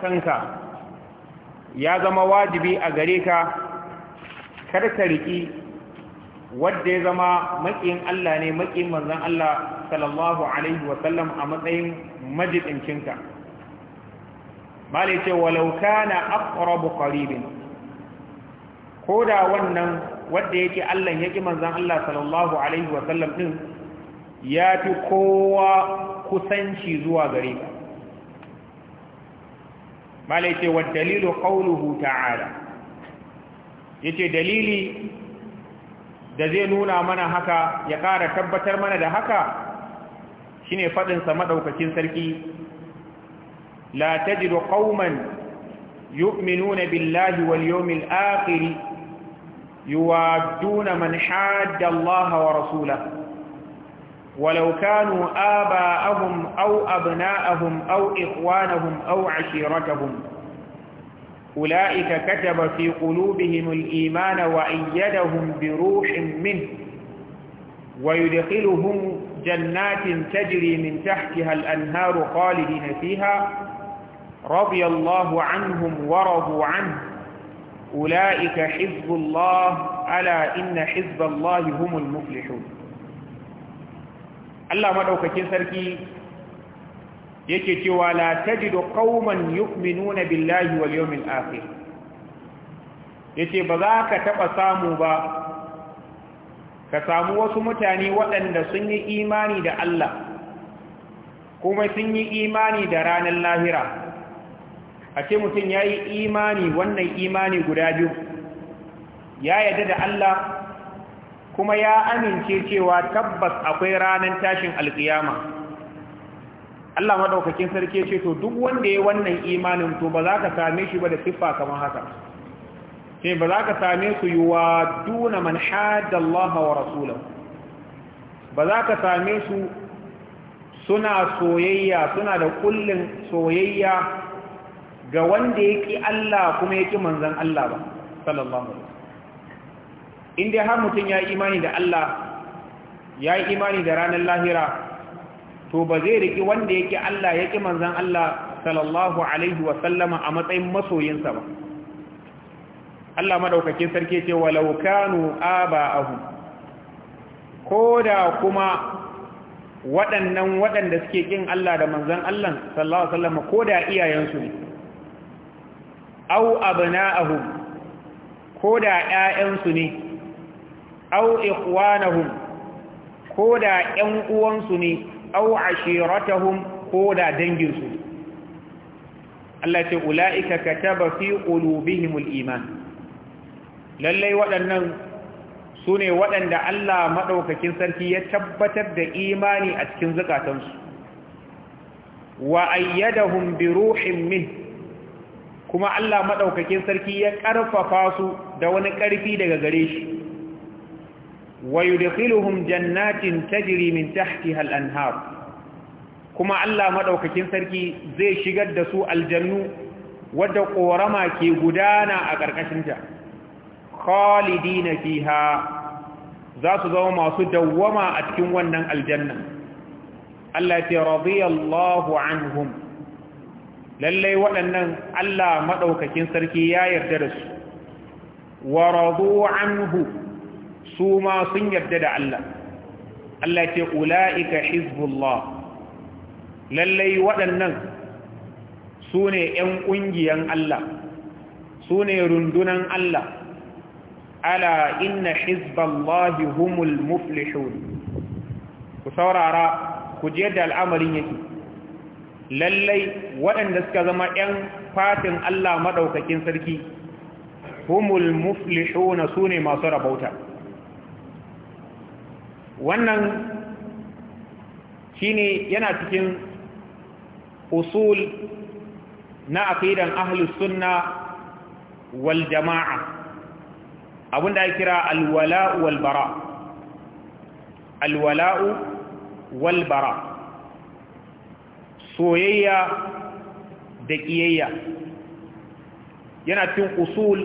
kanka ya zama wajibi a gare ka karka riki wadda ya zama makin Allah ne makin manzon Allah sallallahu alaihi wasallam a matsayin majidincinka bale ce walau kana aqrabu qaribin koda wannan wanda yake Allah yake manzon Allah sallallahu alaihi wasallam din ya fi kowa kusanci zuwa gare ka mala yace wa dalilu qawluhu ta'ala yace dalili da zai nuna mana haka ya ƙara tabbatar mana da haka shine fadin sa madaukakin sarki la tajidu qauman yu'minuna billahi wal yawmil akhir yuwadduna man hadda Allah wa rasulahu ولو كانوا آباءهم أو أبناءهم أو إخوانهم أو عشيرتهم أولئك كتب في قلوبهم الإيمان وأيدهم بروح منه ويدخلهم جنات تجري من تحتها الأنهار خالدين فيها رضي الله عنهم ورضوا عنه أولئك حزب الله ألا إن حزب الله هم المفلحون Allah maɗaukakin sarki yake cewa la tajidu yukminu na billahi wal yawmil akhir yace ba za ka taɓa samu ba ka samu wasu mutane waɗanda sun yi imani da Allah kuma sun yi imani da ranar lahira a ce mutum ya yi imani wannan imani guda biyu ya yadda da Allah kuma ya amince cewa tabbas akwai ranar tashin alkiyama Allah maɗaukakin sarki ce to duk wanda ya wannan imanin to ba za ka same shi ba da siffa kamar haka ce ba za ka same su yiwa duna man haddallaha wa rasulahu ba za ka same su suna soyayya suna da kullum soyayya ga wanda ya ƙi Allah kuma ya ƙi manzan Allah ba sallallahu alaihi in dai har mutum ya yi imani da Allah ya yi imani da ranar lahira to ba zai riki wanda yake Allah ya ƙi manzan Allah sallallahu alaihi wa sallama a matsayin masoyinsa ba Allah madaukakin sarki ce walau kanu aba'ahu ko da kuma waɗannan waɗanda suke ƙin Allah da manzan Allah sallallahu alaihi wa sallama ko da iyayensu ne au abna'ahum ko da ‘ya'yansu ne aw ikhwanahum ko da ƴan uwansu ne aw ashiratahum ko da danginsu Allah ce ula'ika kataba fi qulubihimul iman lallai waɗannan sune ne waɗanda Allah maɗaukakin sarki ya tabbatar da imani a cikin zukatansu wa ayyadahum bi ruhin min kuma Allah maɗaukakin sarki ya ƙarfafa su da wani ƙarfi daga gare shi ويدخلهم جنات تجري من تحتها الأنهار كما الله مدوككين سركي زي شغد دسو الجنو ودى قورما كي قدانا أكركشنجا خالدين فيها ذات ذوما سدوما أتكون الجنة التي رضي الله عنهم lallai waɗannan Allah maɗaukakin sarki ya yarda da su wa radu anhu su ma sun yarda da Allah Allah ce ula'ika hizbullah lallai waɗannan su ne ‘yan ƙungiyan Allah su ne rundunan Allah ala inna hizballahi humul muflihun ku saurara ku je da al'amarin yake lallai waɗanda suka zama ‘yan fatin Allah maɗaukakin sarki humul muflihuna su ne masu rabauta wannan shine yana cikin usul na aqidan ahlus sunna wal jama'a abinda ya kira alwala'u wal bara alwala'u wal bara soyayya da kiyayya yana cikin usul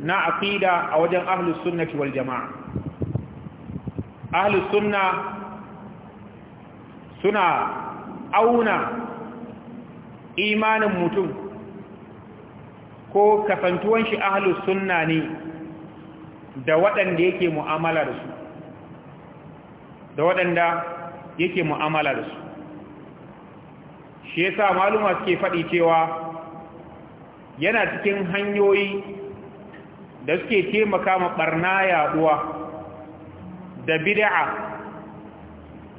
na aqida a wajen ahlus sunnati wal jama'a ahlu sunna suna auna imanin mutum ko kasantuwan shi ahlu sunna ne da waɗanda yake mu'amala da su da waɗanda yake mu'amala da su shi yasa maluma suke faɗi cewa yana cikin hanyoyi da suke taimaka ma ɓarna yaɗuwa da bid'a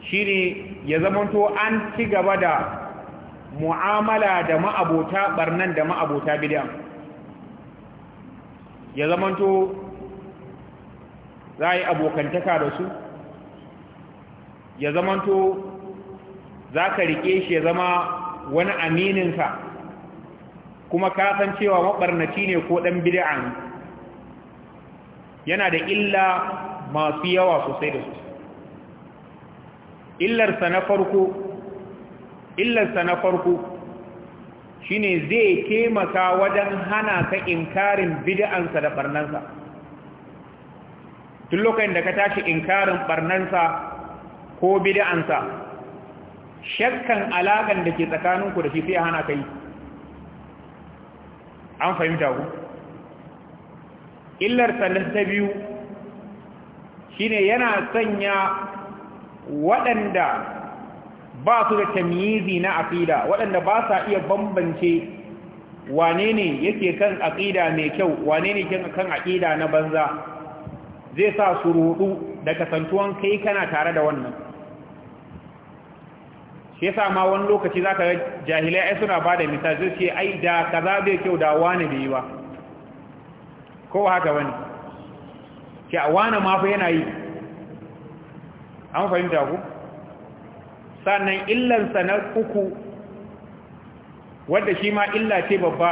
shine ya zamanto an ci gaba da mu'amala da ma'abota barnan da ma'abota bid'a ya zamanto za yi abokantaka da su ya zamanto za ka riƙe shi ya zama wani amininka kuma ka san cewa maɓarnaci ne ko ɗan bid'a yana da illa masu yawa sosai da su. illarsa na farko illarsa na farko shine zai taimaka wajen hana ka inkarin bid'ansa da barnansa tun lokacin da ka tashi inkarin barnansa ko bid'ansa shakkan alakan da ke tsakaninku da shi sai hana kai an fahimta ku illarsa na ta biyu shine yana sanya waɗanda ba su da tamyizi na aqida waɗanda ba sa iya bambance wane ne yake kan aƙida mai kyau wane ne kan aqida na banza zai sa su rudu da kasantuwan kai kana tare da wannan shi yasa ma wani lokaci zaka ga jahilai ai suna bada misali sai ai da kaza bai kyau da wani bai yi ba ko haka wani ke a wane mafi yana yi an fahimta ku sannan illansa na uku wadda shi ma illa ce babba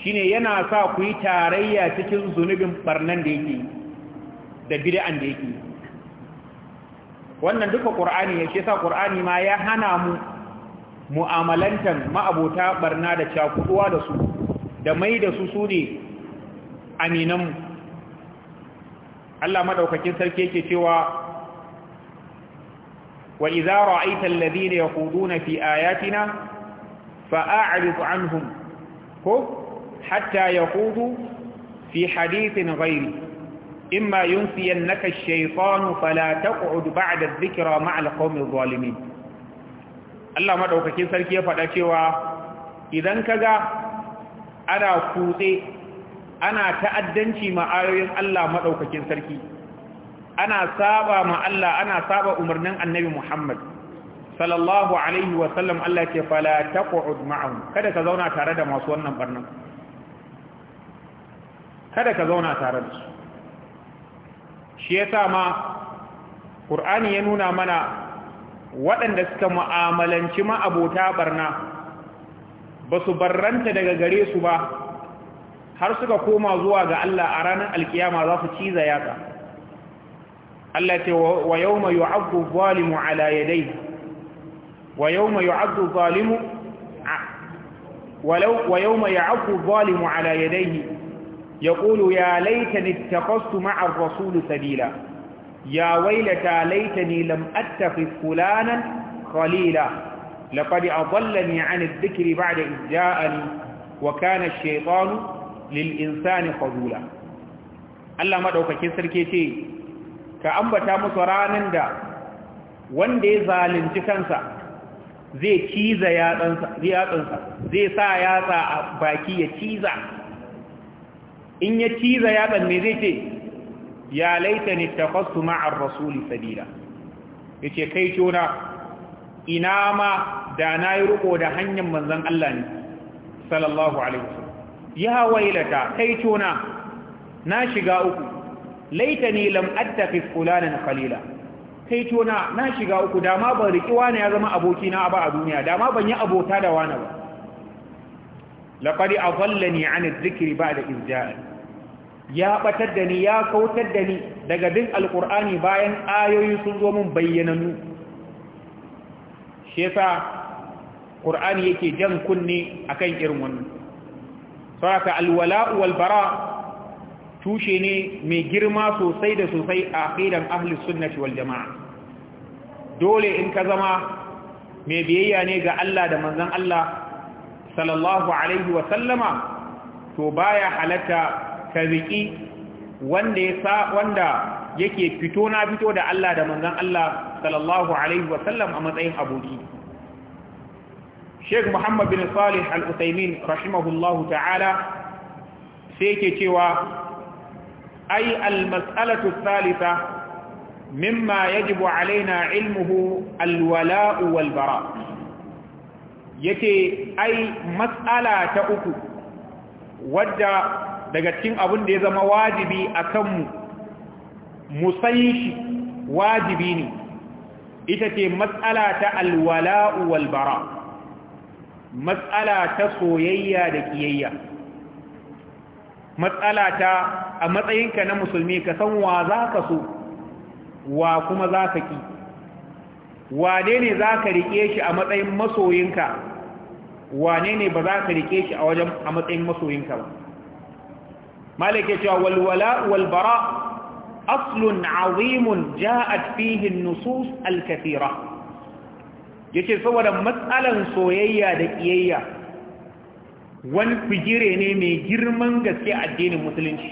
shi ne yana sa ku yi tarayya cikin zunubin barnan da yake da bid'an da yake wannan duka qur'ani ya ce sa qur'ani ma ya hana mu mu'amalantan ma'abota barna da cakuduwa da su da mai da su su ne aminan Allah madaukakin sarki yake cewa wa idza ra'aita alladhina yaquduna fi ayatina fa'rid anhum ko hatta yaqudu fi hadithin ghairi imma yunsiyannaka ash-shaytanu fala taq'ud ba'da adh-dhikra ma'a al-qawmi adh-dhalimin Allah madaukakin sarki ya faɗa cewa idan kaga ana kutse ana ta'addanci ma ayoyin Allah maɗaukakin sarki ana saba ma Allah ana saba umarnin annabi Muhammad sallallahu alaihi wa sallam Allah ke fala taq'ud ma'ahum kada ka zauna tare da masu wannan barnan kada ka zauna tare da su shi yasa ma Qur'ani ya nuna mana waɗanda suka mu'amalanci ma abota barna ba su barranta daga gare su ba har suka koma zuwa ga Allah a ranar alkiyama za su ciza yatsa Allah ce wa yawma yu'addu zalimu ala yadayhi wa yawma yu'addu zalimu ولو ويوم يعض الظالم على يديه يقول يا ليتني اتخذت مع الرسول سبيلا يا ويلتى ليتني لم أتخذ فلانا خليلا لقد أضلني عن الذكر بعد إذ جاءني وكان الشيطان lil insani fadula Allah maɗaukakin sarki ce ka ambata musu ranan da wanda ya zalunci kansa zai ciza yatsansa zai sa yatsa a baki ya ciza in ya ciza yatsan me zai ce ya laita ni takwastu ma'ar rasuli sabila ya ce kai cona ina ma da na yi riko da hanyar manzan Allah ne sallallahu alaihi ya wailata kai tona na shiga uku laitani lam attafi fulanan khalila kai tona na shiga uku dama ban riki wani ya zama aboki na ba a duniya dama ban yi abota da wani ba laqad adallani an adh-dhikri ba'da izja'i ya batar da ni ya kautar da ni daga bin alqur'ani bayan ayoyi sun zo mun bayyananu shi yasa qur'ani yake jan kunne akan irin wannan saboda alwala uwalbara tushe ne mai girma sosai da sosai a aqidan ahlus sunnati wal jamaa dole in ka zama mai biyayya ne ga Allah da manzan Allah sallallahu alaihi to baya halatta ka riki wanda ya sa wanda yake fito na fito da Allah da manzan Allah sallallahu alaihi a matsayin aboki Sheikh Muhammad bin Salih Al-Utsaimin rahimahullahu ta'ala sai yake cewa ai al-mas'alatu thalitha mimma yajibu alaina ilmuhu al-wala'u wal-bara yake ai mas'ala ta uku wadda daga cikin abin da ya zama wajibi akan mu mu san shi wajibi ne ita ce mas'ala ta al-wala'u wal-bara' matsala ta soyayya da kiyayya matsala ta a matsayinka na musulmi ka san wa za ka so wa kuma za ka ki wane ne za ka riƙe shi a matsayin masoyinka wane ne ba za ka riƙe shi a wajen a matsayin masoyinka ba malaka cewa walwala walbara aslun azimun ja'at fihi an-nusus al-kathira yace saboda matsalan soyayya da ƙiyayya wani fijire ne mai girman gaske addinin musulunci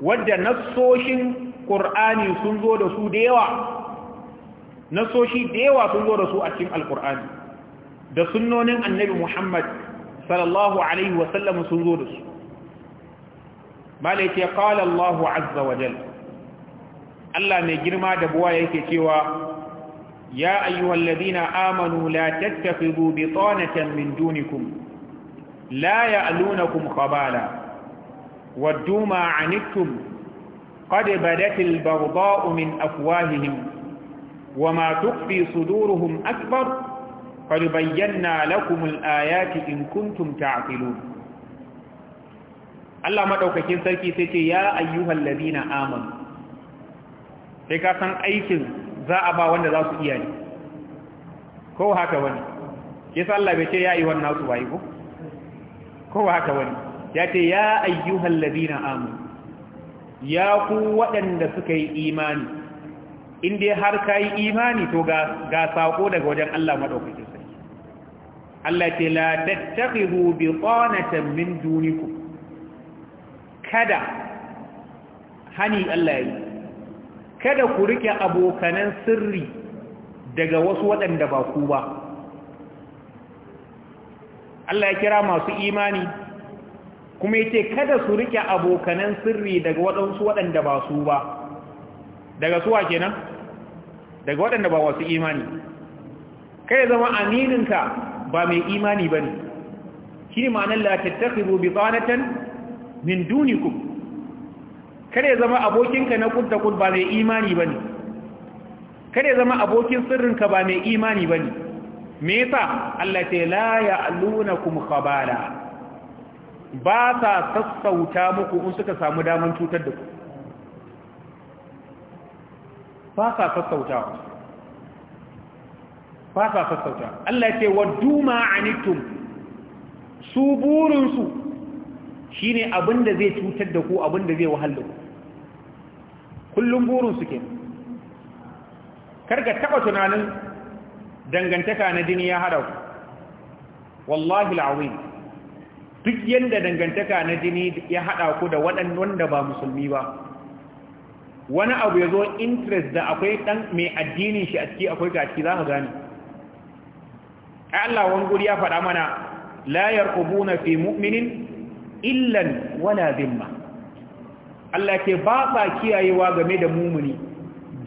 wadda nasoshin ƙur'ani sun zo da su da yawa da yawa sun zo da su a cikin alƙur'ani da sunnonin annabi muhammad sallallahu alaihi wasallam sun zo da su ya kawo Allahu azza wa Allah mai girma da buwa yake cewa يا أيها الذين آمنوا لا تتخذوا بطانة من دونكم لا يألونكم خبالا ودوا ما عنتم قد بدت البغضاء من أفواههم وما تخفي صدورهم أكبر قد بينا لكم الآيات إن كنتم تعقلون الله ما دوكاكين سركي سيتي يا أيها الذين آمنوا sai ka san aikin za a ba wanda za su iya ne ko haka wani ke Allah bai ce ya yi wannan su waye ko ko haka wani ya ce ya ayyuhal ladina amu ya ku waɗanda suka yi imani in dai har ka yi imani to ga ga sako daga wajen Allah madaukakin sarki Allah ce la bi qanatan min dunikum kada hani Allah ya yi kada ku rike abokanan sirri daga wasu waɗanda ba ku ba Allah ya kira masu imani kuma ya ce kada su rike abokanan sirri daga waɗansu waɗanda ba su ba daga suwa kenan daga waɗanda ba wasu imani kai zama amininka ba mai imani ba ne shi ma'anar la tattakiru bi tsanatan min dunikum kare zama abokinka na kud da kud ba mai imani bane kare zama abokin sirrinka ba mai imani bane me yasa Allah ta la ya'lunakum khabala ba sa sassauta muku in suka samu daman cutar da ku ba sa sassauta ba sa sassauta. Allah ce waddu ma anittum su burinsu shine abinda zai cutar da ku abinda zai wahal ku kullum burin suke Kar karka taba tunanin dangantaka na jini ya hada ku wallahi al'azim duk yadda dangantaka na jini ya hada ku da wanda ba musulmi ba wani abu ya zo interest da akwai ɗan mai addinin shi a ciki akwai gaci za ka gane ai Allah wani guri ya faɗa mana la yarqubuna fi mu'minin illan wala dhimma Allah ke ba ba kiyayewa game da mumuni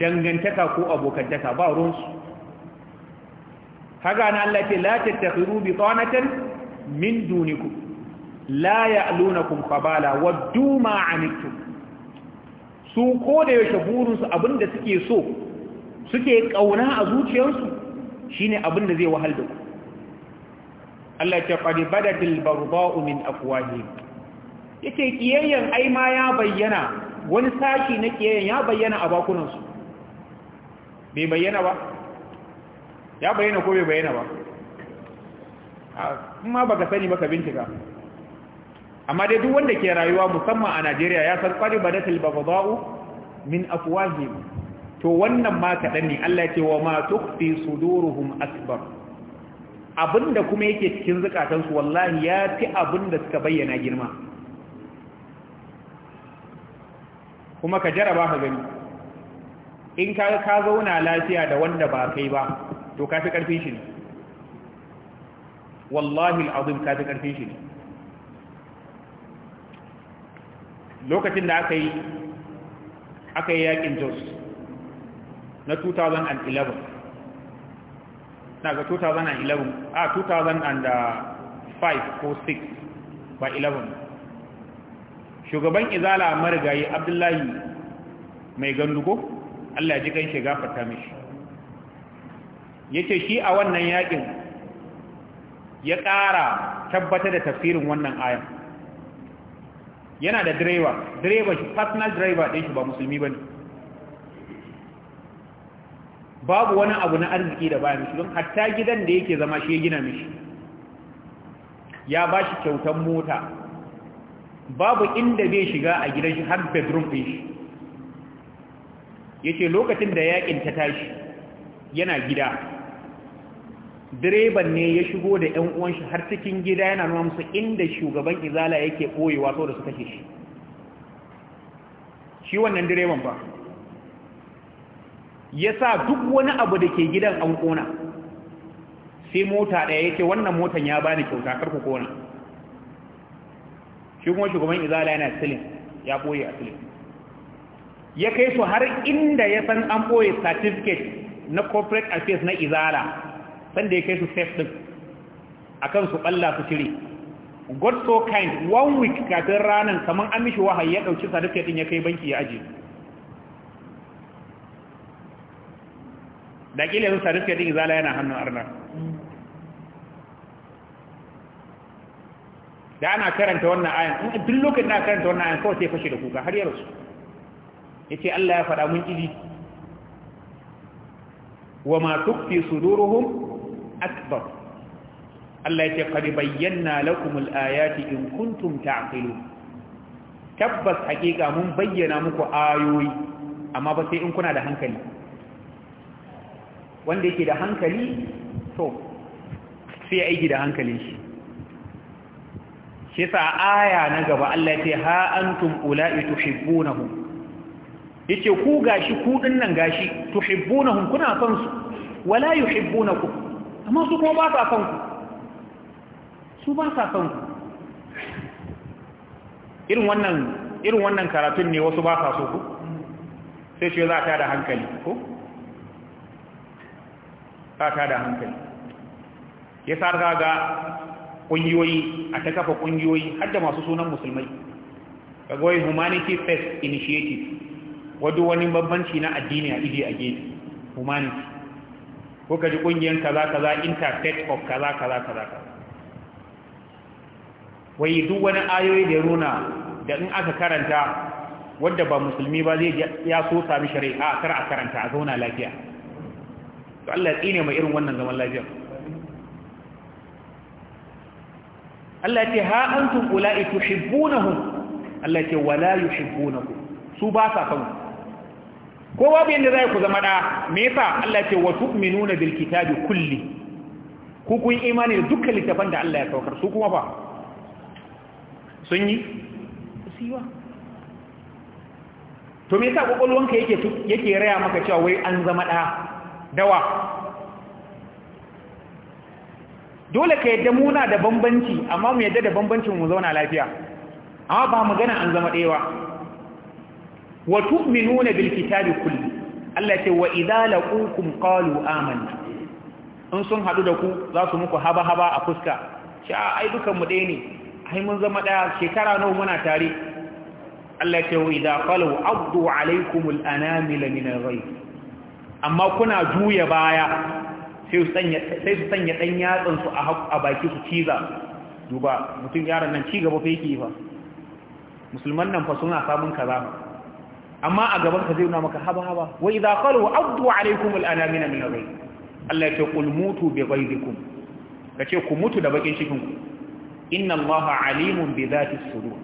dangantaka ko abokantaka ba ruwansu haka na Allah ke la tattakhiru bi qanatan min duniku la ya'lunakum khabala waddu ma su ko da yake burin su abinda suke so suke kauna a zuciyarsu shine abinda zai wahal da ku Allah ya ce qad badatil barda'u min afwahihim yace kiyayyen ai ma ya bayyana wani sashi na kiyayyen ya bayyana a bakunan su bai bayyana ba ya bayyana ko bai bayyana ba kuma ba ka sani maka bincika amma dai duk wanda ke rayuwa musamman a Najeriya ya san qad badatil baghdha'u min afwahihim to wannan ma kadan ne Allah ce wa ma tukfi suduruhum akbar abinda kuma yake cikin zakatansu wallahi ya fi abinda suka bayyana girma kuma ka jaraba ka gani in ka ka zauna lafiya da wanda ba kai ba to ka fi karfin shi ne wallahi al'azim ka fi karfin shi ne lokacin da aka yi aka yi yakin jos na 2011 na ga 2011 a 2005 ko 6 ba 11 shugaban izala marigayi abdullahi mai gandugo allah ji kan shiga fata mishi ya ce shi a wannan yakin ya ƙara tabbata da tafsirin wannan ayan yana da direba direba shi personal driver ɗin shi ba musulmi ba babu wani abu na arziki da bayan shi don hatta gidan da yake zama shi ya gina mishi ya bashi shi kyautan mota babu inda bai shiga a gidan shi har bedroom ɗin shi yace lokacin da yakin ta tashi yana gida direban ne ya shigo da ƴan uwan shi har cikin gida yana nuna musu inda shugaban izala yake boyewa da su kashe shi shi wannan direban ba ya duk wani abu da ke gidan an kona sai mota ɗaya yake wannan motan ya bani kyauta karku kona shi kuma shugaban izala yana silin ya ɓoye a silin ya kai su har inda ya san an ɓoye certificate na corporate affairs na izala sanda ya kai su safe din a kan su ɓalla su cire god so kind one week kafin ranar kamar an mishi wahayi ya ɗauki certificate din ya kai banki ya ajiye da ƙila yanzu certificate din izala yana hannun arna da ana karanta wannan ayan in duk lokacin da karanta wannan ayan kawai sai fashe da kuka har ya rasu yace Allah ya faɗa mun idi wa ma tukfi suduruhum akbar Allah yace qad bayyana lakum al-ayati in kuntum ta'qilun tabbas hakika mun bayyana muku ayoyi amma ba sai in kuna da hankali wanda yake da hankali to sai ya aiki da hankalin shi shi sa aya na gaba Allah ce ha antum ula'i tuhibbunahum yace ku gashi ku dinnan gashi tuhibbunahum kuna son su wala yuhibbunakum amma su ko ba sa son ku su ba sa son ku irin wannan irin wannan karatun ne wasu ba sa so ku sai ce za ta da hankali ko ta ta da hankali ya ga ga kungiyoyi a ta kafa ƙungiyoyi har da masu sunan musulmai kagwai humanity first initiative wadda wani babbanci na addini a ije a gefe humanity ko ji kungiyar kaza kaza Interfaith of kaza kaza kaza wai duk wani ayoyi da runa da in aka karanta wadda ba musulmi ba zai ya so sami shari'a kar a karanta a zauna lafiya to Allah tsine mai irin wannan zaman lafiya Allah ce ha antum ula'i tuhibbunahum Allah ce wala yuhibbunakum su ba sa son ko babu yanda zai ku zama da me yasa Allah ce wa tu'minuna bil kitabi kulli ku kun imani da dukkan littafan da Allah ya saukar su kuma ba sun yi siwa to me yasa kokolwanka yake yake raya maka cewa wai an zama da dawa dole ka yadda muna da bambanci amma mu yadda da bambancin mu zauna lafiya amma ba magana an zama ɗaya wa tu'minuna bil kitabi kulli Allah ce wa idza laqukum qalu amanna in sun hadu da ku za su muku haba haba a fuska ce a ai dukan mu ɗaya ne ai mun zama ɗaya shekara nawa muna tare Allah ce wa idza qalu abdu alaykum al anamila min al amma kuna juya baya sai su sanya ɗan yatsansu a baki su ciza duba mutum yaran nan ci gaba fa yake musulman nan fa suna samun kaza amma a gaban ka zai nuna maka haba haba Wai idza wa abdu alaykum al-anamina min al Allah ya ce qul mutu bi Ka ce ku mutu da bakin cikin ku inna Allah alimun bi dhati sudur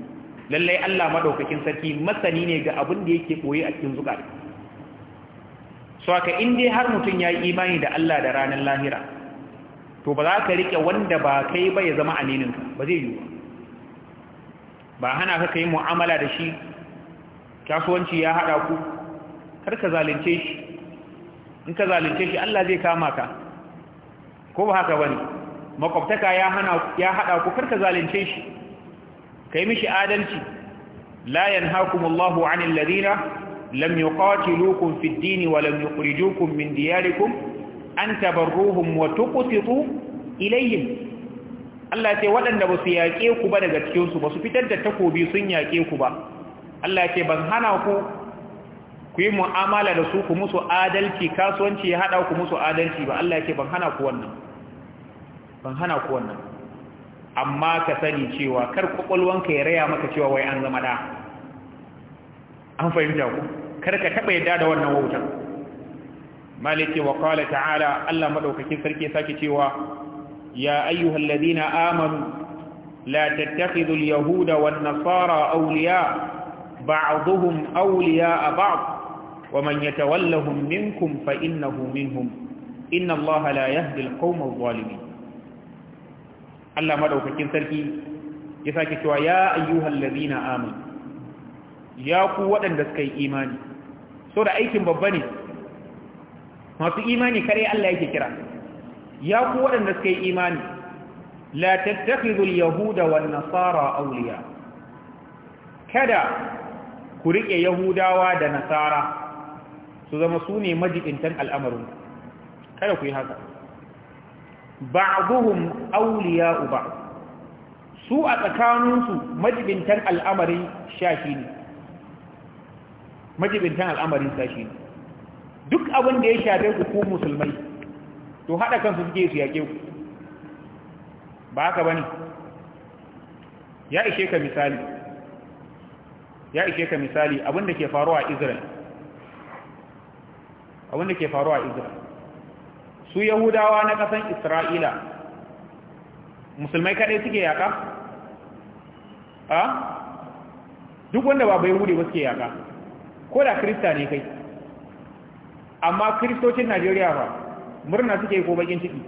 lalle Allah madaukakin sarki masani ne ga abin da yake koyi a cikin zukata so aka in dai har mutum ya yi imani da Allah da ranar lahira to ba za ka riƙe wanda ba kai ba ya zama amininka ba zai yi ba hana ka ka yi mu'amala da shi kasuwanci ya haɗa ku kar ka zalunce shi in ka zalunce shi Allah zai kama ka ko ba haka bane makwabtaka ya hana ya haɗa ku kar ka zalunce shi kai mishi adalci la yanhaakumullahu 'anil ladina lam yuqatilukum fid din wa lam yukhrijukum min diyarikum an tabarruhum wa tuqsitu ilayhim Allah ce waɗanda ba su yaƙe ku ba daga cikin su ba su fitar da takobi sun yaƙe ku ba Allah ce ban hana ku ku yi mu'amala da su ku musu adalci kasuwanci ya haɗa ku musu adalci ba Allah ce ban hana ku wannan ban hana ku wannan amma ka sani cewa kar kwakwalwanka ya raya maka cewa wai an zama da an fahimta ku karka taba yadda da wannan wautar maliki wa qala ta'ala Allah madaukakin sarki sake cewa ya ayyuhal ladina amanu la tattakhidhu al-yahuda wan nasara awliya ba'dhuhum awliya ba'd wa man yatawallahum minkum fa innahu minhum inna Allah la yahdi al-qawma adh-dhalimin Allah madaukakin sarki ya sake cewa ya ayyuhal ladina amanu ya ku waɗanda suka yi imani so da aikin babba ne masu imani kare Allah yake kira ya ku waɗanda suka yi imani la tattakhidhu al-yahuda wan nasara awliya kada ku rike yahudawa da nasara su zama su ne majibintan al'amarin kada ku yi haka ba'duhum awliya'u ba'd su a tsakaninsu majibintan al'amarin shashi ne majibintan al'amarin sashi duk abin da ya shafe ku ko musulmai to haɗa kansu suke su yaƙe ku ba haka ba ne ya ishe ka misali ya ishe ka misali abin da ke faruwa a israel abin da ke faruwa a israel su yahudawa na ƙasan isra'ila musulmai kaɗai suke yaƙa? a duk wanda ba bai hude ba suke yaƙa ko da krista ne kai amma kristocin najeriya ba murna suke ko bakin ciki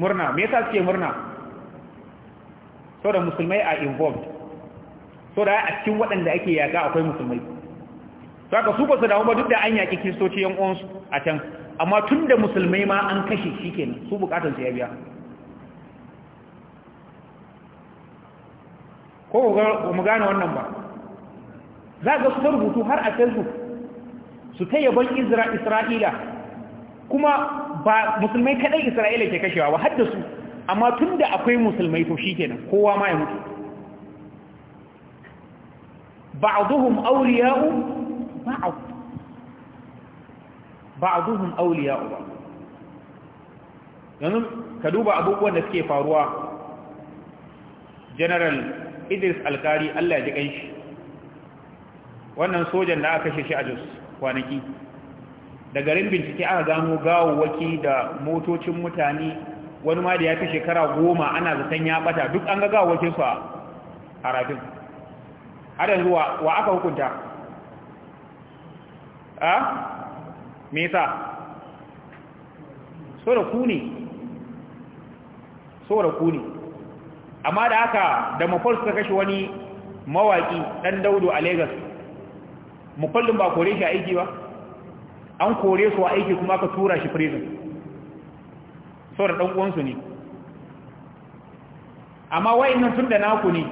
murna me yasa suke murna so da musulmai a involved so da a cikin waɗanda ake yaga akwai musulmai saka su ba su damu ba duk da an yaƙi kristoci yan uwansu a can amma tun da musulmai ma an kashe shi kenan su su ya biya ko mu gane wannan ba za ga su rubutu har a facebook su ta yaban isra'ila kuma ba musulmai kaɗai isra'ila ke kashewa ba hadda su amma tun da akwai musulmai to shi kenan kowa ma ya mutu ba'aduhum auliya'u a ba'aduhum auliya'u ba yanzu ka duba abubuwan da suke faruwa general idris alkari allah ya ji ƙanshi wannan sojan da aka shi a jos kwanaki da garin bincike aka gano waki da motocin mutane wani ma da ya fi shekara goma ana zaton ya bata duk an ga gawawwakin su a rafin har yanzu wa aka hukunta a me yasa so da ku ne so da ku ne amma da aka da mafal suka kashe wani mawaki dan daudu a lagos mukullin ba kore shi a aiki ba an kore su a aiki kuma aka tura shi prison saboda dan uwansu ne amma tun tunda naku ne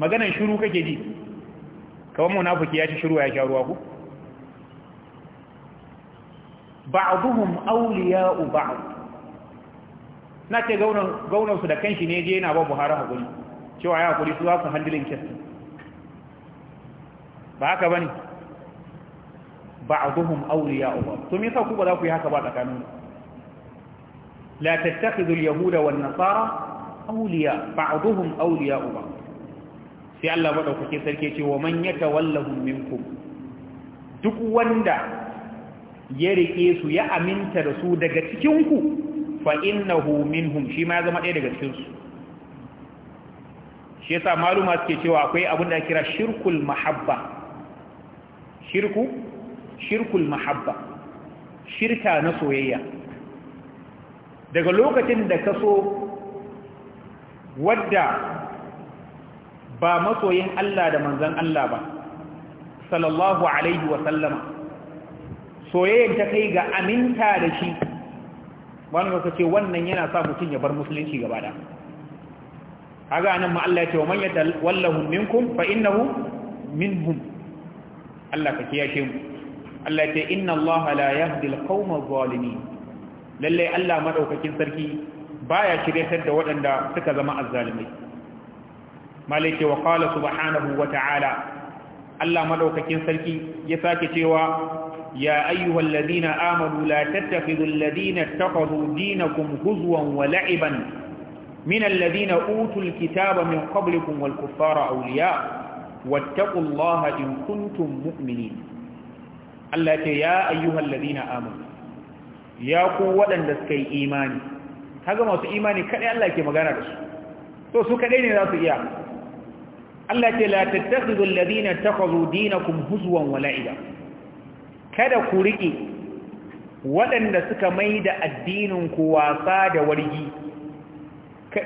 maganan shiru kake ji kawai munafiki ya ci shiru ya sha ruwa ku ba'duhum awliya'u ba'd na ce gaunan su da kanshi ne je yana ba Buhari hakuri cewa ya hakuri su za su handling kesa ba haka bane ba'dhum ya uba. to me yasa ku ba za ku yi haka ba tsakanin la tattakhidhu al-yahuda wan-nasara awliya ba'dhum ya uba. sai Allah madaukake sarki ce wa man yatawallahum minkum duk wanda ya rike su ya aminta da su daga cikinku ku fa innahu minhum shi ma ya zama ɗaya daga cikinsu? shi yasa maluma suke cewa akwai abin da kira shirkul mahabba shirku shirkul mahabba shirka na soyayya daga lokacin da ka so wadda ba masoyin Allah da manzan Allah ba sallallahu alaihi wa sallama soyayya ta kai ga aminta da shi wani ko ce wannan yana sa mutum ya bar musulunci gaba da haga nan ma Allah ya ce wa man yatawallahu minkum fa innahu minhum Allah ka kiyashe mu Allah ce inna Allah la yahdi al-qawma adh-dhalimin lalle Allah madaukakin sarki baya shiryatar da waɗanda suka zama azzalimai malai ce wa qala subhanahu wa ta'ala Allah madaukakin sarki ya sake cewa ya ayyuhal ladina amanu la tattakhidul ladina ittakhadhu dinakum huzwan wa la'iban min alladhina utul kitaba min qablikum wal kuffara awliya' wattaqullaha in kuntum mu'minin Allah ce ya ayyuhal ladina amanu ya ku waɗanda suka yi imani kaga masu imani kadai Allah ke magana da su to su kadai ne za su iya Allah ce la tattakhidhu alladhina kada ku riƙe waɗanda suka maida addinin ku wasa da wargi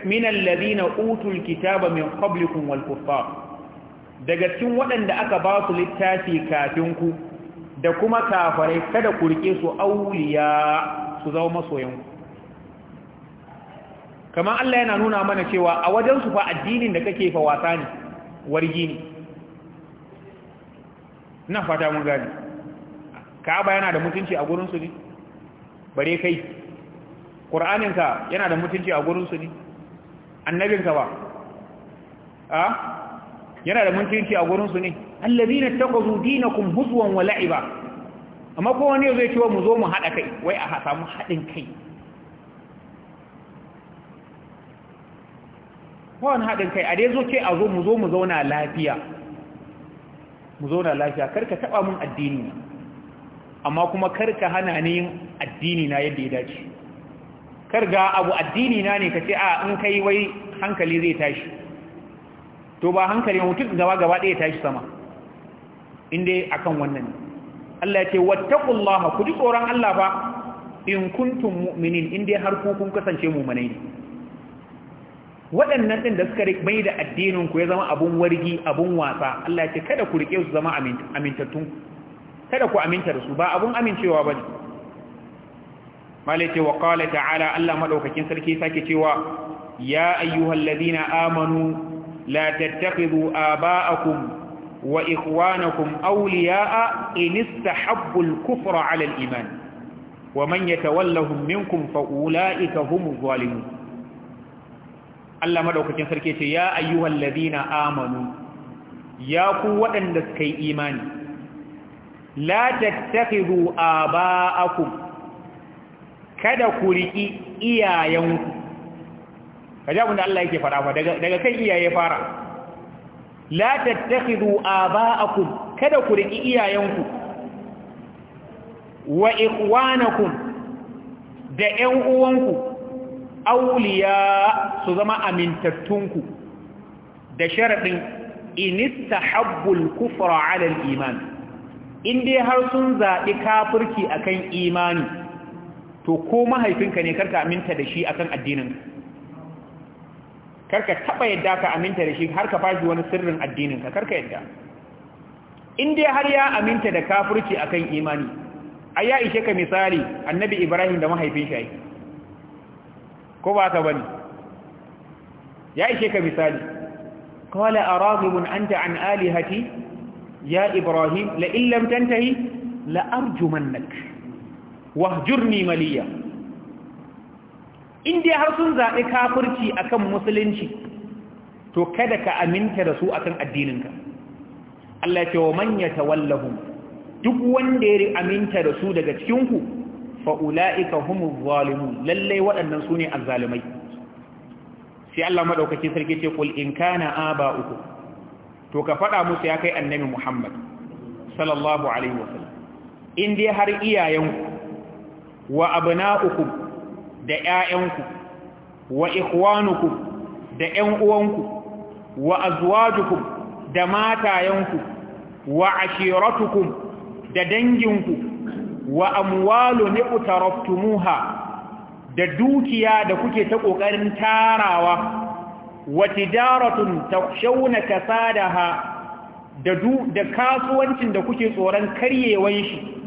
min na utul kitaba min qablikum wal kuffar daga cikin waɗanda aka ba su littafi kafin ku da kuma kafarai kada ku rike su auliya su zama masoyanku kamar Allah yana nuna mana cewa a wajen su fa addinin da kake fa wasa ne wargi ne ina fata mun gani Ka'aba yana da mutunci a gurin su ne bare kai Qur'aninka yana da mutunci a gurin su ne annabinka ba a ah? yana da mutunci a gurinsu ne allazina taqazu dinakum huzwan wa la'iba amma ko wani zai cewa mu zo mu hada kai wai a samu hadin kai Ko wani hadin kai a dai zo ce a zo mu zo mu zauna lafiya mu zauna lafiya karka taba mun addini amma kuma karka hana ni yin addini na yadda ya dace karga abu addini na ne kace a in kai wai hankali zai tashi to ba hankali mutum gaba gaba ɗaya tashi sama inda akan wannan Allah ya ce wattaqullaha ku ji tsoron Allah fa in kuntum mu'minin inda har ku kun kasance mu'minai ne waɗannan din da suka bai da addinin ku ya zama abun wargi abun wasa Allah ya ce kada ku rike su zama amintattun kada ku aminta da su ba abun amincewa ba ne. ce wa qala ta'ala Allah madaukakin sarki sake cewa ya ayyuhallazina amanu la tattakhidhu aba'akum wa ikhwanakum awliya'a in istahabbu al-kufra 'ala al-iman wa man yatawallahum minkum fa ulaika humuz zalimun Allah madaukakin sarki ce ya ayyuhal ladina amanu ya ku waɗanda suka yi imani la tattakhidhu aba'akum kada ku riƙi iyayenku ka ji abinda Allah yake fara fa daga kan iyaye fara la tattakhidhu aba'akum kada ku riki iyayenku wa ikhwanakum da ƴan uwanku awliya su zama amintattunku da sharadin inistahabbul kufra 'ala al-iman in dai har sun zaɓi kafirki akan imani to ko mahaifinka ne karka aminta da shi akan addininka karka taba yadda ka aminta da shi har ka fashi wani sirrin addinin ka karka yadda in dai har ya aminta da kafirci akan imani ai ya ishe ka misali annabi ibrahim da mahaifin shi ko ba ka bane ya ishe ka misali qala araghibun anta an alihati ya ibrahim la in lam tantahi la wahjurni maliyya in dai har sun zaɓi kafirci akan musulunci to kada ka aminta da su akan addininka Allah ce wa man yatawallahum duk wanda ya aminta da su daga cikin ku fa ulaika lallai zalimun lalle waɗannan sune azzalimai sai Allah madaukake sarki ce kul in kana uku. to ka faɗa musu ya kai annabi Muhammad sallallahu alaihi wasallam in dai har iyayenku wa uku. da ‘ya'yanku wa ikwanuku da ‘yan uwanku wa azwajukum da matayanku, wa ashiratukum da danginku wa amwalu ni'taraftumuha da dukiya da kuke ta ƙoƙarin tarawa wa tijaratun takshawna kasadaha da da kasuwancin da kuke tsoron karyewan shi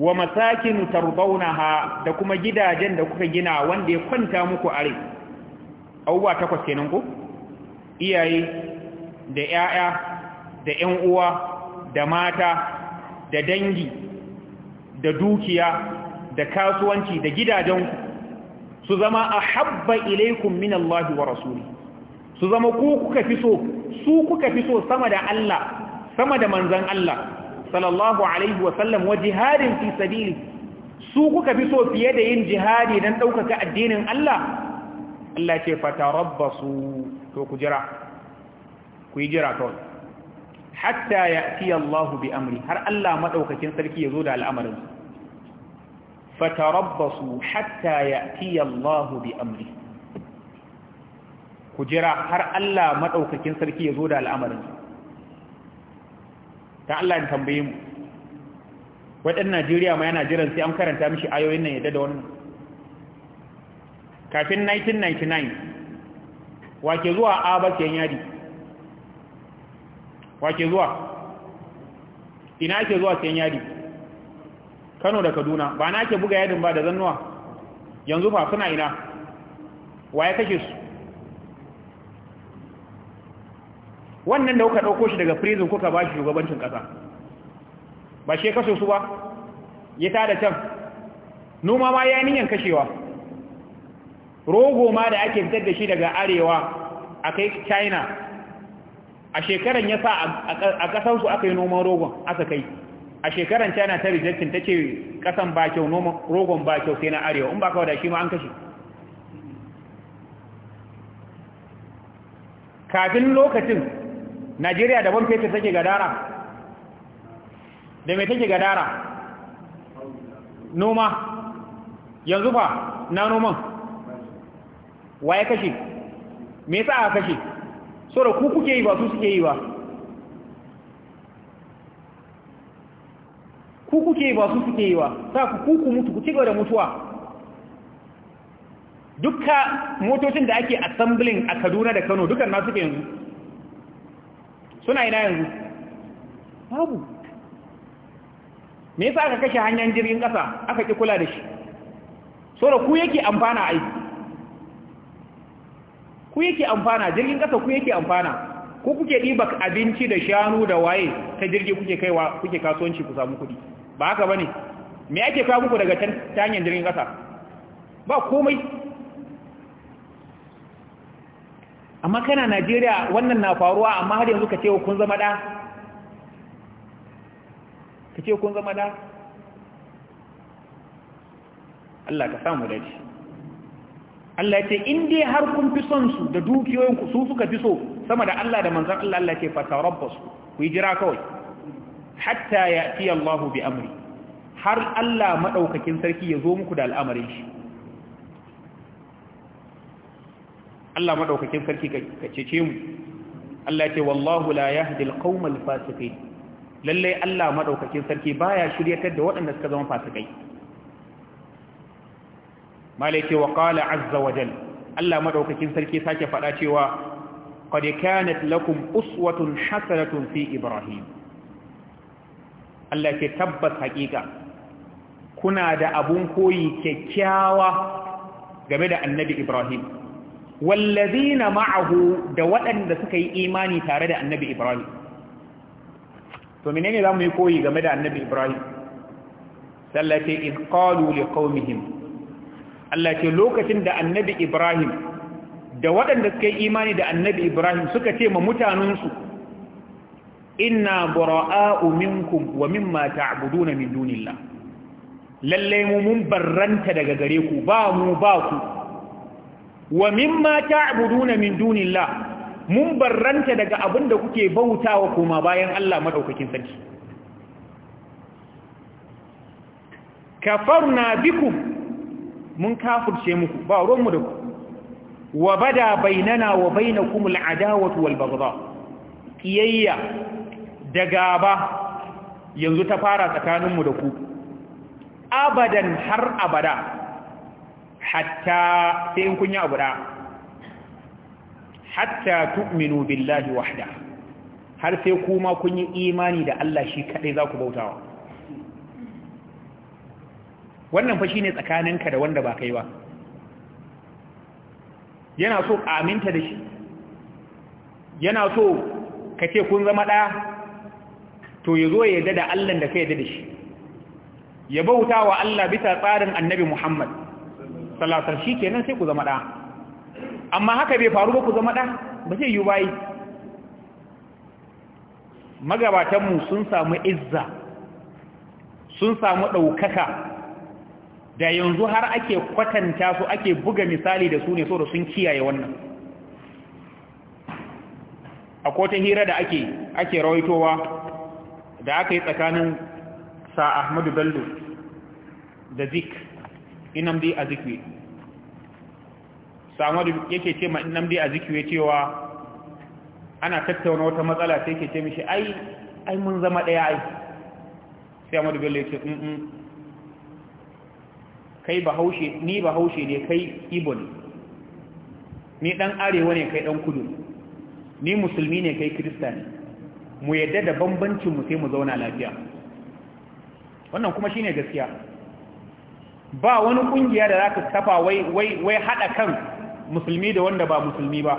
wa masakin tarbaunaha da kuma gidajen da kuka gina wanda ya kwanta muku a rai? abubuwa takwas kenan ku iyaye da 'ya'ya da 'yan uwa da mata da dangi da dukiya da kasuwanci da gidajen su zama ahabba ilaikum min Allah wa rasuli su zama ku kuka fi so su kuka fi so sama da Allah sama da manzon Allah sallallahu alaihi wasallam wa jihadin fi sabili su kuka fi so fiye da yin jihadi don ɗaukaka addinin Allah Allah ce fatarabbasu to ku jira ku yi jira kawai hatta ya fiye Allah bi amri har Allah maɗaukakin sarki ya zo da al'amarin fatarabbasu hatta ya fiye Allah bi amri ku jira har Allah maɗaukakin sarki ya zo da al'amarin dan Allah ya tambaye mu wai dan Najeriya ma yana jiran sai an karanta mishi ayoyin nan yadda da wannan kafin 1999 wake zuwa Abbas yan yadi wake zuwa ina ake zuwa sai yadi Kano da Kaduna ba na ake buga yadin ba da zannuwa yanzu fa suna ina Wa ya kake su wannan da kuka ɗauko shi daga prison kuka ba shi shugabancin ƙasa ba shi kashe su ba ya da can noma ma ya niyan kashewa rogo ma da ake fitar da shi daga arewa a kai china a shekaran ya sa a ƙasansu aka yi noman rogon aka kai a shekaran china ta rejectin ta ce ƙasan ba kyau noman rogon ba kyau sai na arewa in ba kawai da shi ma an kashe kafin lokacin najeriya da ban fetur take gadara da mai take gadara noma yanzu fa na noman waye kashe me yasa aka kashe so da ku kuke yi ba su suke yi ba ku kuke yi ba su suke yi ba sa ku kuku mutu ku cigaba da mutuwa dukka motocin da ake assembling a kaduna da kano dukkan na suke yanzu suna ina yanzu babu me yasa aka kashe hanyar jirgin ƙasa aka ki kula da shi so da ku yake amfana aiki ku yake amfana jirgin ƙasa ku yake amfana ko kuke ɗiba abinci da shanu da waye ta jirgi kuke kaiwa kuke kasuwanci ku samu kuɗi ba haka ba ne me yake kawo muku daga tanyen jirgin ƙasa ba komai amma kana najeriya wannan na faruwa amma har yanzu ka ce kun zama ɗa ka ce kun zama ɗa Allah ka samu daji Allah ce in har kun fi son su da dukiyoyinku su suka fi so sama da Allah da manzan Allah Allah ce fatarabbasu ku yi jira kawai hatta ya fi Allahu bi amri har Allah maɗaukakin sarki ya zo muku da al'amarin shi Allah madaukakin sarki ka cece mu Allah ce wallahu la yahdi al fasiqin lalle Allah madaukakin sarki baya shiryatar da waɗanda suka zama fasikai malaike wa qala azza wa jalla Allah madaukakin sarki sake faɗa cewa قد uswatun لكم أسوة حسنة في إبراهيم الله تتبت حقيقة كنا دا أبون كوي كيكاوة wallazina ma'ahu da waɗanda suka yi imani tare da annabi ibrahim to menene mu yi koyi game da annabi ibrahim Sallace sallate iz qalu liqaumihim Allah ce lokacin da annabi ibrahim da waɗanda suka yi imani da annabi ibrahim suka ce ma mutanensu. Ina bara'a'u minkum wa mimma ta'buduna min dunillah Lallai mu mun barranta daga gare ku ba mu ba ku wa mimma ta'buduna min dunillah mun barranta daga abin da kuke bautawa kuma bayan Allah madaukakin sarki kafarna bikum mun kafirce muku ba ruwan mu da ku wa bada bainana wa bainakum al'adawatu wal baghdha kiyayya da gaba yanzu ta fara tsakaninmu da ku abadan har abada hatta sai in kun yi abu da hatta tu'minu billahi wahda har sai kuma kun yi imani da Allah shi kadai za ku bautawa wannan fa shine tsakaninka da wanda ba kai ba yana so ka aminta da shi yana so ka ce kun zama ɗaya to ya zo ya yadda da Allah da ka yadda da shi ya bautawa Allah bisa tsarin annabi Muhammad Talatar shi kenan sai ku zama ɗa amma haka bai faru ba ku zama ɗa ba sai yi bayi magabatanmu sun samu izza sun samu ɗaukaka da yanzu har ake kwatanta su ake buga misali da su ne so da sun kiyaye wannan a kota hira da ake ake rawaitowa da aka yi tsakanin sa ahmadu bello da zik di inamdi azikwe samadu yake ce ma a azikwe cewa ana tattauna wata matsala sai yake ce mishi ai ai mun zama daya ai sai amadu bello yake mm mm kai bahaushe ni bahaushe ne kai ibo ne ni dan arewa ne kai dan kudu ni musulmi ne kai kirista ne mu yadda da bambancin mu sai mu zauna lafiya wannan kuma shine gaskiya ba wani kungiya da za ka kafa wai hada kan musulmi da wanda ba musulmi ba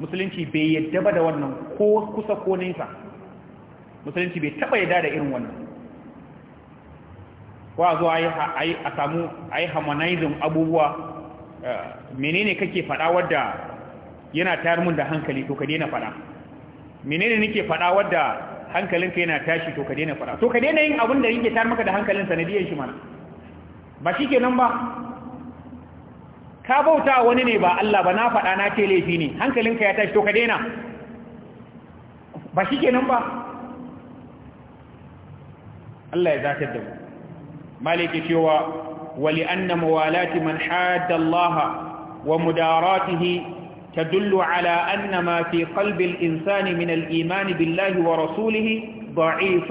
musulunci bai yadda ba da wannan ko kusa ko nesa musulunci bai taba yadda da irin wannan wa zo a samu yi harmonizing abubuwa eh, menene kake fada wadda yana tayar mun da hankali to ka daina fada menene nake fada wadda hankalinka yana tashi to ka daina fada to ka daina yin abin da yake tayar maka da hankalin sanadiyar shi mana ba shi kenan ba ka bauta wani ne ba Allah ba na faɗa na ce laifi ne hankalinka ya tashi to ka daina ba shi kenan ba Allah ya zatar da mu malike cewa wali anna mawalati man hadda Allah wa mudaratihi تدل على أن ما في قلب الإنسان من الإيمان بالله ورسوله ضعيف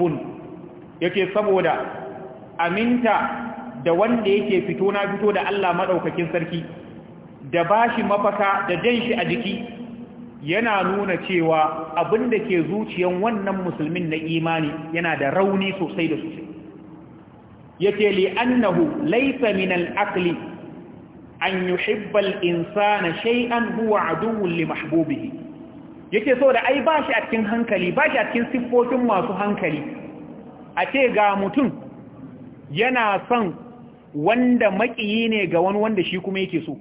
yake saboda aminta da wanda yake fito na fito da Allah madaukakin sarki da bashi mafaka da jan shi a jiki yana nuna cewa abin da ke zuciyan wannan musulmin na imani yana da rauni sosai da sosai yake li annahu laysa min al-aqli an yuhibba al-insana shay'an huwa aduwwun li mahbubihi yake so da ai ba shi a cikin hankali bashi a cikin siffofin masu hankali a ce ga mutum yana son wanda makiyi ne ga wani wanda shi kuma yake so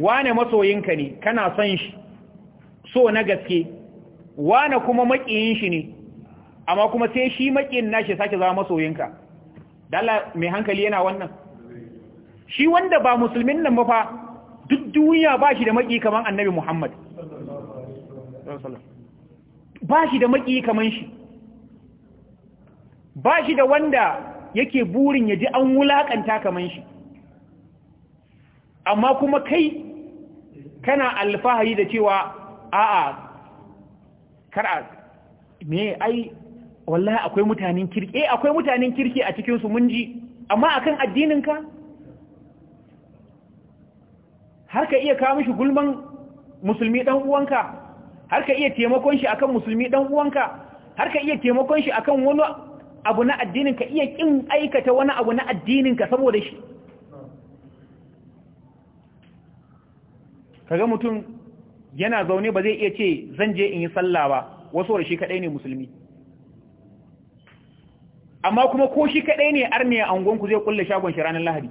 wane masoyinka ne kana son shi so na gaske wane kuma makiyin shi ne amma kuma sai shi makiyin nashi sake zama masoyinka dala mai hankali yana wannan shi wanda ba musulmin nan ba fa duk duniya ba shi da makiyi kaman annabi Muhammad ba shi da makiyi kaman shi ba shi da wanda yake burin ya ji an wulakanta kaman shi amma kuma kai kana alfahari da cewa a'a kar a me ai wallahi akwai mutanen kirki eh akwai mutanen kirki a cikin su mun ji amma akan addinin ka har ka iya kawo mishi gulman musulmi dan uwanka har ka iya taimakon shi akan musulmi dan uwanka har ka iya taimakon shi akan wani abu na addinin ka iya kin aikata wani abu na addinin ka saboda shi kaga mutum yana zaune ba zai iya ce zan je in yi sallah ba wasu wa shi kadai ne musulmi amma kuma ko shi kadai ne arniya angon ku zai kulle shagon shi ranar lahadi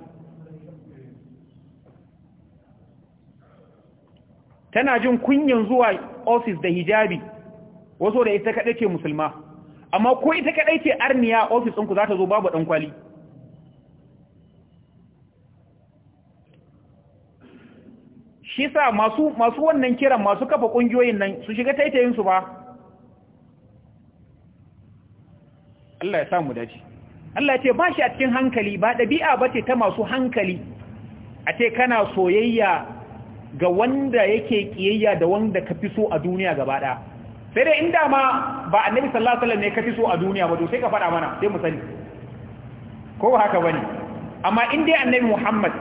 tana jin kunyan zuwa ofis da hijabi wasu da ita kaɗai ce musulma amma ko ita kadai ce arniya ofis ɗinku za ta zo babu ɗan kwali shi sa masu wannan kiran masu kafa ƙungiyoyin nan su shiga taitayin ba Allah ya samu dace Allah ya ce ba shi a cikin hankali ba ɗabi'a ba ce ta masu hankali a ce kana soyayya ga wanda yake ƙiyayya da wanda ka fi so a duniya gaba ɗaya sai dai inda ma ba annabi sallallahu alaihi wasallam ne kafi so a duniya ba to sai ka faɗa mana sai mu sani ko ba haka bane amma in dai annabi Muhammad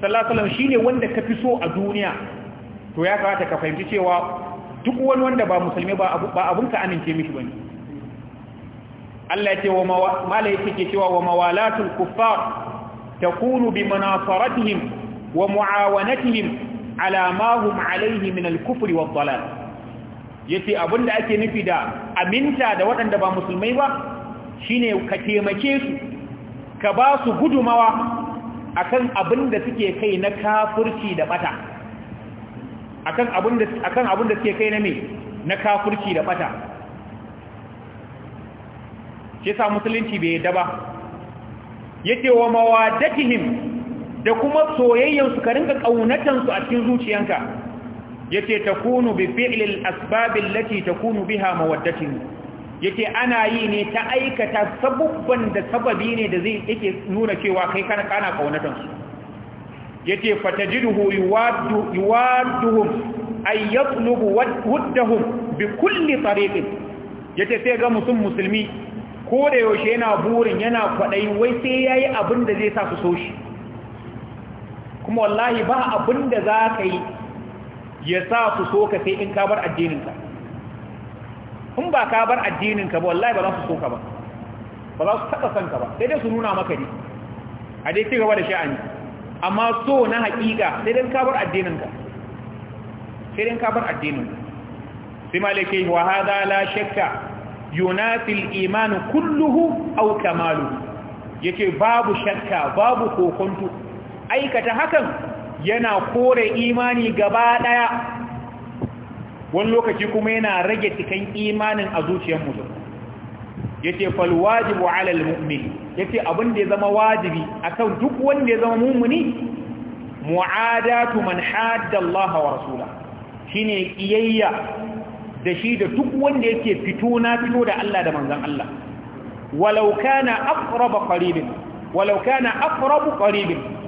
sallallahu alaihi wasallam shine wanda kafi so a duniya to ya kamata ka fahimci cewa duk wani wanda ba musulmi ba abun ka amince mishi bane Allah ya ce wa mala yake cewa wa mawalatul kuffar takunu bi munasaratihim wa muawanatihim ala ma hum alayhi min al-kufri wad-dalal yace abinda ake nufi da aminta da waɗanda ba musulmai ba shine ka taimake su ka ba su gudumawa akan abinda suke kai na kafirci da bata akan da akan da suke kai na me na kafirci da bata shi sa musulunci bai yadda ba Yace wa mawadatihim da kuma soyayyansu ka rinka kaunatan su a cikin zuciyanka yace takunu bi fi'li al-asbab allati takunu biha mawaddatun yace ana yi ne ta aikata sabubban da sababi ne da zai yake nuna cewa kai kana kana kaunatan su yace fatajiduhu yuwaddu yuwadduhum ay yatlubu waddahum bi kulli tariqin yace sai ga musun musulmi ko da yaushe yana burin yana kwadayi wai sai yayi abin da zai sa su so shi kuma wallahi ba abin da za ka yi ya sa su so ka sai in ka bar addininka in ba ka bar addininka ba wallahi ba za su so ka ba ba za su taɓa son ka ba sai dai su nuna maka ne a dai cigaba da sha'ani amma so na haƙiƙa sai dai ka bar addininka sai dai ka bar addininka sai malake wa hada la shakka yunatil iman kulluhu aw kamaluhu yake babu shakka babu kokonto aikata hakan yana kore imani gaba daya wani lokaci kuma yana rage cikin imanin a zuciyar mutum yace fal wajibu alal al Ya yace abin da ya zama wajibi a kan duk wanda ya zama mu'mini mu'adatu man hadda Allah wa rasula shine kiyayya da shi da duk wanda yake fito na fito da Allah da manzan Allah Walauka na aqrab qaribin walau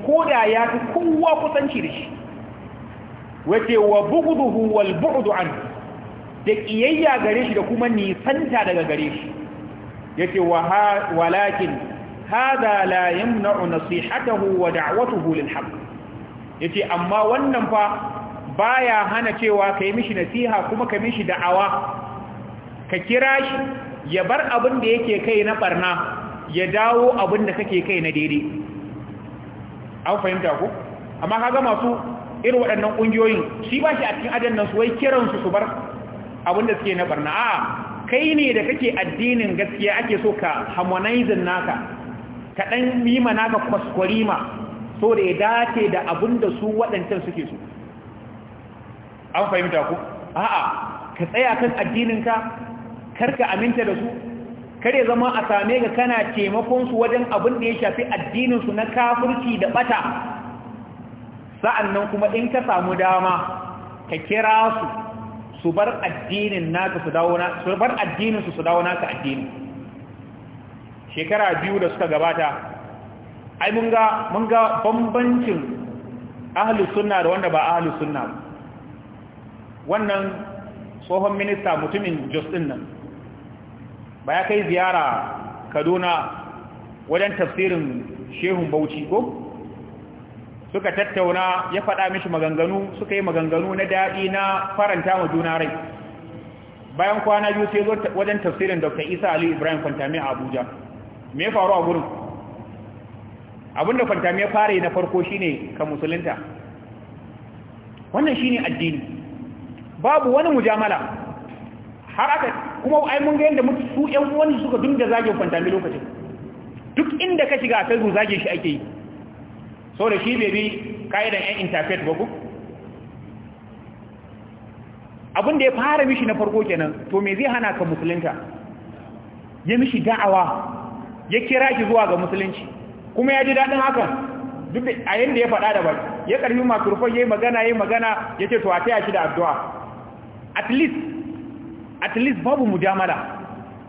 ko da ya fi kowa kusanci da shi wace wa buguduhu wal bu'du an da kiyayya gare shi da kuma nisanta daga gare shi yace wa walakin hada la yamna'u nasihatahu wa da'watuhu lil Ya ce amma wannan fa baya hana cewa ka yi mishi nasiha kuma ka mishi da'awa ka kira shi ya bar abin da yake kai na barna ya dawo abin da kake kai na daidai an fahimta ko amma kaga masu irin waɗannan ƙungiyoyin shi ba shi a cikin ajan nan su wai kiransu su bar abin da suke na barna a kai ne da kake addinin gaskiya ake so ka harmonizing naka ka ɗan yi ma naka kwaskwarima so da ya dace da abin da su waɗancan suke so an fahimta ku a'a ka tsaya kan addininka karka aminta da su kare zama a same ga kana taimakonsu wajen abin da ya shafi addininsu na kafurci da bata sa'annan kuma in ka samu dama ka kira su su bar addinin su dawo naka addini shekara biyu da suka gabata ai mun ga bambancin ahlus sunna da wanda ba ahlus sunna wannan tsohon minista mutumin Jos din nan ba ya kai ziyara kaduna wajen tafsirin shehun bauchi ko suka tattauna ya faɗa mishi maganganu suka yi maganganu na daɗi na faranta wa juna rai bayan kwana biyu sai zo wajen tafsirin dr isa ali ibrahim kwantami a abuja me ya faru a gurin abinda kwantami ya fara yi na farko shine ka musulunta wannan shine addini babu wani mujamala har aka kuma ai mun ga yanda mutu su ƴan uwan suka dinga kwanta fantami lokacin duk inda ka shiga sai facebook zage shi ake yi so da shi bai bi ka'idan ƴan interfaith ba ku abin da ya fara mishi na farko kenan to me zai hana ka musulunta ya mishi da'awa ya kira ki zuwa ga musulunci kuma ya ji daɗin hakan duk a yanda ya faɗa da ba ya karbi makurfan ya yi magana ya yi magana ya ce to a taya shi da addu'a at least at least babu mujamala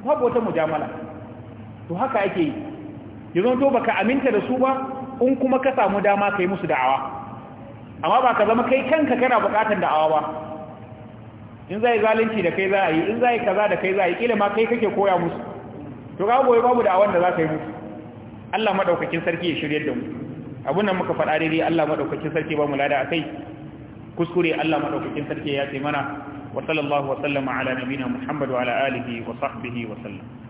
babu wata mujamala to haka ake yi yanzu to baka aminta da su ba in kuma ka samu dama kai musu da'awa amma ba ka zama kai kanka kana bukatan da'awa ba in zai zalunci da kai za yi in zai kaza da kai za a yi kila ma kai kake koya musu to ga goyi babu da'awan da za ka yi musu Allah madaukakin sarki ya shiryar da mu abun nan muka faɗa dai Allah madaukakin sarki ba mu lada akai kuskure Allah madaukakin sarki ya ce mana وصلى الله وسلم على نبينا محمد وعلى آله وصحبه وسلم